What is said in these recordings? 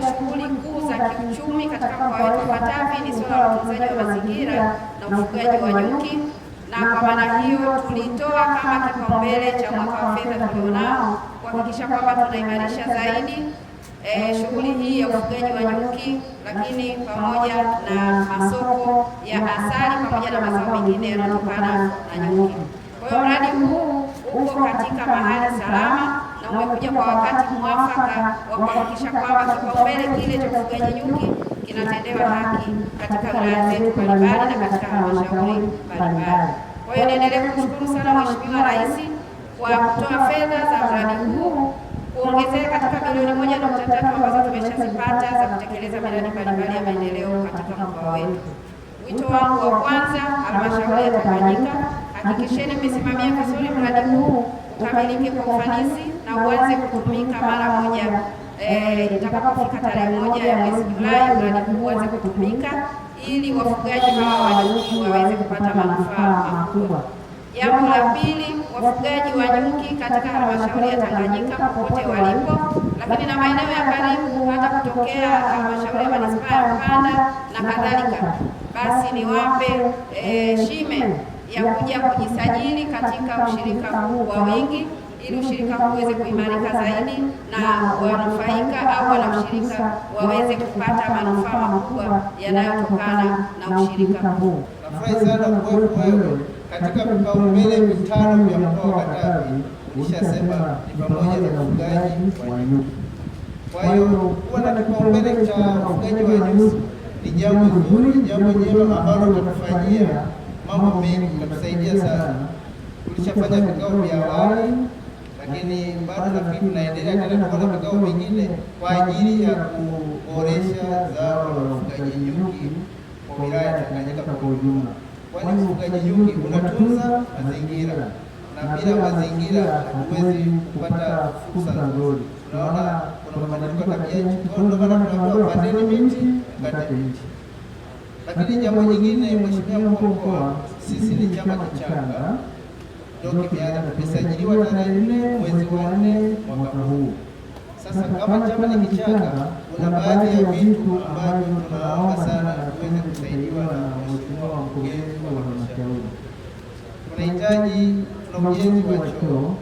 ya shughuli kuu za kiuchumi katika mkoa wa Katavi ni suala la utunzaji wa mazingira na ufugaji wa nyuki, na kwa maana hiyo tulitoa kama kipaumbele cha mwaka wa fedha tulionao kuhakikisha kwamba tunaimarisha zaidi eh, shughuli hii ya ufugaji wa nyuki, lakini pamoja na masoko ya asali pamoja na mazao mengine yanayotokana na nyuki. Kwa hiyo mradi huu uko katika mahali salama umekuja kwa wakati mwafaka wa kuhakikisha kwamba kipaumbele kile cha ufugaji nyuki kinatendewa haki katika wilaya zetu mbalimbali na katika halmashauri mbalimbali. Kwa hiyo niendelee kushukuru sana Mheshimiwa Rais kwa kutoa fedha za mradi huu kuongezea katika milioni moja nukta tatu ambazo tumeshazipata za kutekeleza miradi mbalimbali ya maendeleo katika mkoa wetu. Wito wangu wa kwanza, halmashauri ya Tanganyika, hakikisheni mmesimamia vizuri mradi huu ukamilike kwa ufanisi hauwezi kutumika mara moja itakapofika eh, tarehe moja ya mwezi Julai uradi uweze kutumika ili wafugaji hawa wa nyuki waweze kupata manufaa makubwa. Jambo la pili, wafugaji wa nyuki katika halmashauri ya Tanganyika popote walipo, lakini na maeneo ya karibu, hata kutokea halmashauri ya manispaa ya Mpanda na kadhalika, basi ni wape eh, eh, shime ya kuja kujisajili katika ushirika huu wa wingi ili ushirika huu uweze kuimarika zaidi na wanufaika au wanaushirika waweze kupata manufaa makubwa yanayotokana na ushirika huu. Nafurahi sana kuwepo wewe katika vipaumbele vitano vya mkoa wa Katavi, ulishasema ni pamoja na ufugaji wa nyuki. Kwa hiyo kuwa na kipaumbele cha ufugaji wa nyuki ni jambo zuri, jambo jema ambalo utatufanyia mambo mengi, itatusaidia sana. Tulishafanya vikao vya awali lakini bado nafikiri tunaendelea tena kupata vikao vingine kwa ajili ya kuboresha zao la ufugaji nyuki kwa wilaya ya Tanganyika kwa ujumla, kwani ufugaji nyuki unatunza mazingira na bila mazingira hatuwezi kupata fursa nzuri. Tunaona kuna mabadiliko ya tabia nchi, ndio maana tunaambiwa pandeni miti mkate miti. Lakini jambo jingine, Mheshimiwa Mkuu wa Mkoa, sisi ni chama kichanga Dok imeanza kumesajiliwa tarehe nne mwezi wa nne mwaka huu. Sasa kama chama ni kichanga, kuna baadhi ya vitu ambavyo tunaomba sana tuweze kusaidiwa na mheshimiwa mkurugenzi wa halmashauri. Tunahitaji tuna ujenzi wa choo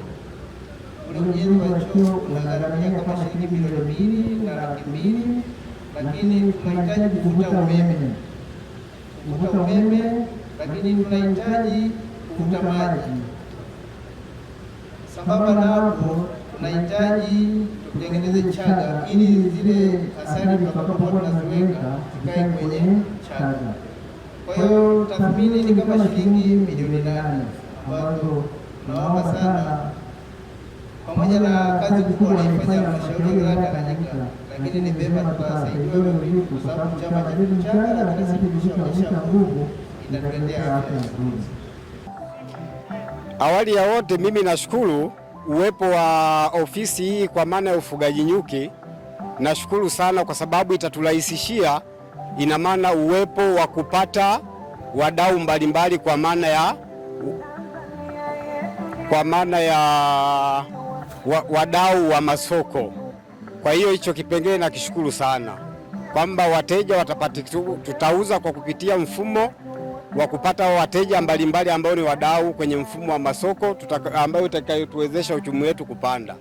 ujenzi wa choo unagharamia kama shilingi milioni mbili na laki mbili, lakini tunahitaji kuvuta umeme, kuvuta umeme, lakini tunahitaji kuvuta maji Sambamba na hapo, tunahitaji tutengeneze chaga ili zile asali tutakapokuwa tunaziweka zikae kwenye chaga. Kwa hiyo tathmini ni kama shilingi milioni nane ambazo tunawapa sana, pamoja na kazi kubwa wanaifanya halmashauri ya wilaya Tanganyika, lakini ni vyema tukasaidiwa vio kwa sababu chama cha chaga na katika siku kuonyesha nguvu itatuletea afya nzuri. Awali ya wote, mimi nashukuru uwepo wa ofisi hii kwa maana ya ufugaji nyuki. Nashukuru sana kwa sababu itaturahisishia, ina maana uwepo wa kupata wadau mbalimbali kwa maana ya kwa maana ya wa, wadau wa masoko. Kwa hiyo hicho kipengele nakishukuru sana kwamba wateja watapata, tutauza kwa kupitia mfumo wa kupata wateja mbalimbali ambao ni wadau kwenye mfumo wa masoko ambao itakayotuwezesha uchumi wetu kupanda.